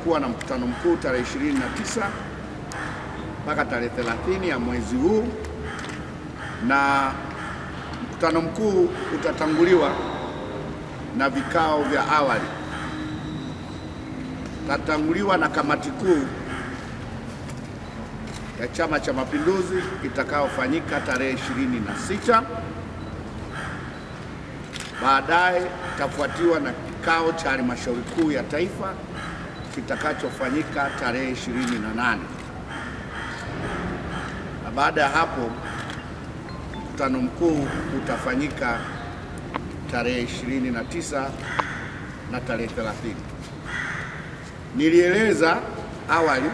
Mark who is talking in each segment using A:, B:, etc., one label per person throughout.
A: tutakuwa na mkutano mkuu tarehe 29 mpaka tarehe 30 ya mwezi huu, na mkutano mkuu utatanguliwa na vikao vya awali, utatanguliwa na kamati kuu ya Chama cha Mapinduzi itakayofanyika tarehe 26. Baadaye itafuatiwa na kikao cha halmashauri kuu ya taifa kitakachofanyika tarehe 28 na baada ya hapo mkutano mkuu utafanyika tarehe 29 na tarehe 30. Nilieleza awali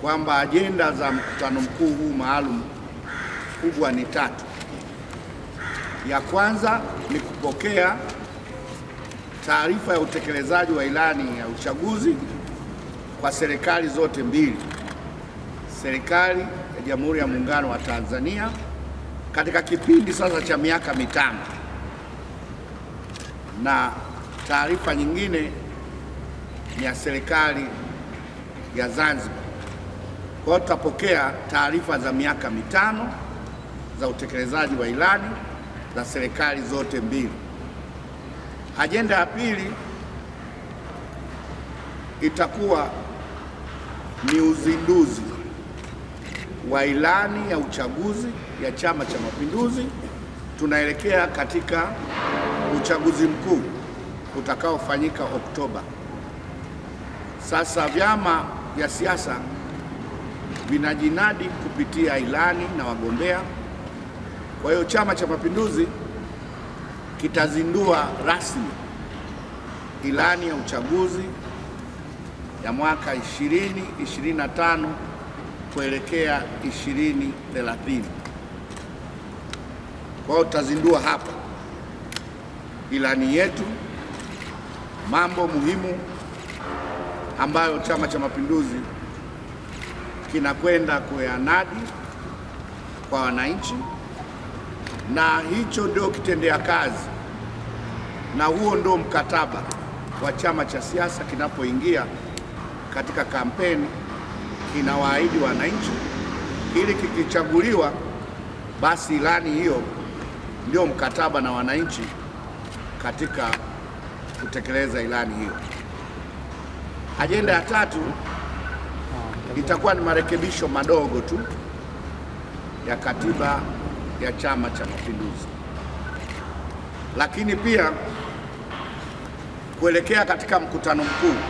A: kwamba ajenda za mkutano mkuu huu maalum kubwa ni tatu. Ya kwanza ni kupokea taarifa ya utekelezaji wa ilani ya uchaguzi kwa serikali zote mbili, serikali ya Jamhuri ya Muungano wa Tanzania katika kipindi sasa cha miaka mitano, na taarifa nyingine ni ya serikali ya Zanzibar. Kwa hiyo tutapokea taarifa za miaka mitano za utekelezaji wa ilani za serikali zote mbili. Ajenda ya pili itakuwa ni uzinduzi wa ilani ya uchaguzi ya Chama cha Mapinduzi. Tunaelekea katika uchaguzi mkuu utakaofanyika Oktoba. Sasa vyama vya siasa vinajinadi kupitia ilani na wagombea. Kwa hiyo Chama cha Mapinduzi kitazindua rasmi ilani ya uchaguzi ya mwaka 2025 kuelekea 2030. Kwa hiyo tutazindua hapa ilani yetu, mambo muhimu ambayo Chama cha Mapinduzi kinakwenda kuyanadi kwa wananchi na hicho ndio kitendea kazi na huo ndio mkataba wa chama cha siasa kinapoingia katika kampeni, kinawaahidi wananchi ili kikichaguliwa, basi ilani hiyo ndio mkataba na wananchi katika kutekeleza ilani hiyo. Ajenda ya tatu itakuwa ni marekebisho madogo tu ya katiba ya Chama cha Mapinduzi, lakini pia kuelekea katika mkutano mkuu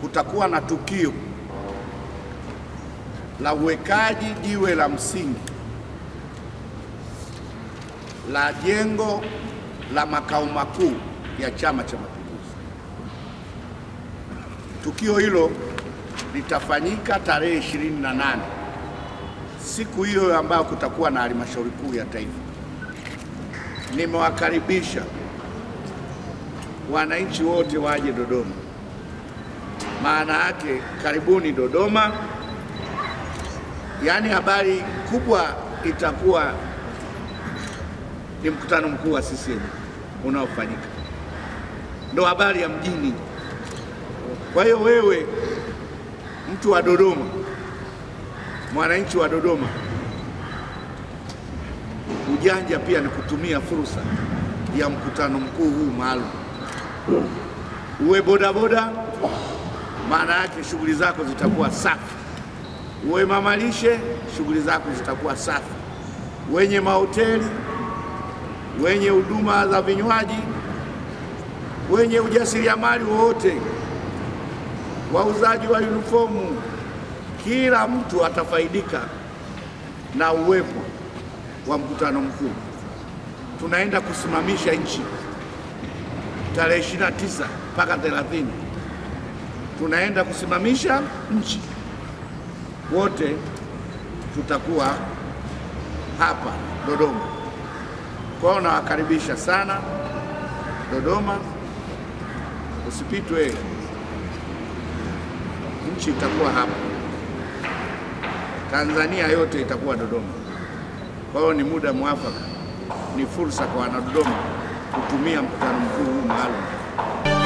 A: kutakuwa na tukio la uwekaji jiwe la msingi la jengo la makao makuu ya Chama cha Mapinduzi. Tukio hilo litafanyika tarehe 28 siku hiyo ambayo kutakuwa na halmashauri kuu ya taifa. Nimewakaribisha wananchi wote waje Dodoma. Maana yake karibuni Dodoma. Yaani habari kubwa itakuwa ni mkutano mkuu wa CCM unaofanyika, ndo habari ya mjini. Kwa hiyo wewe mtu wa Dodoma mwananchi wa Dodoma, ujanja pia ni kutumia fursa ya mkutano mkuu huu maalum. Uwe bodaboda, maana yake shughuli zako zitakuwa safi. Uwe mamalishe, shughuli zako zitakuwa safi. Wenye mahoteli, wenye huduma za vinywaji, wenye ujasiriamali wowote, wauzaji wa uniformu kila mtu atafaidika na uwepo wa mkutano mkuu. Tunaenda kusimamisha nchi tarehe 29 mpaka 30, tunaenda kusimamisha nchi. Wote tutakuwa hapa Dodoma. Kwao nawakaribisha sana Dodoma, usipitwe, nchi itakuwa hapa. Tanzania yote itakuwa Dodoma. Kwa hiyo ni muda mwafaka, ni fursa kwa Wanadodoma kutumia mkutano mkuu huu maalum.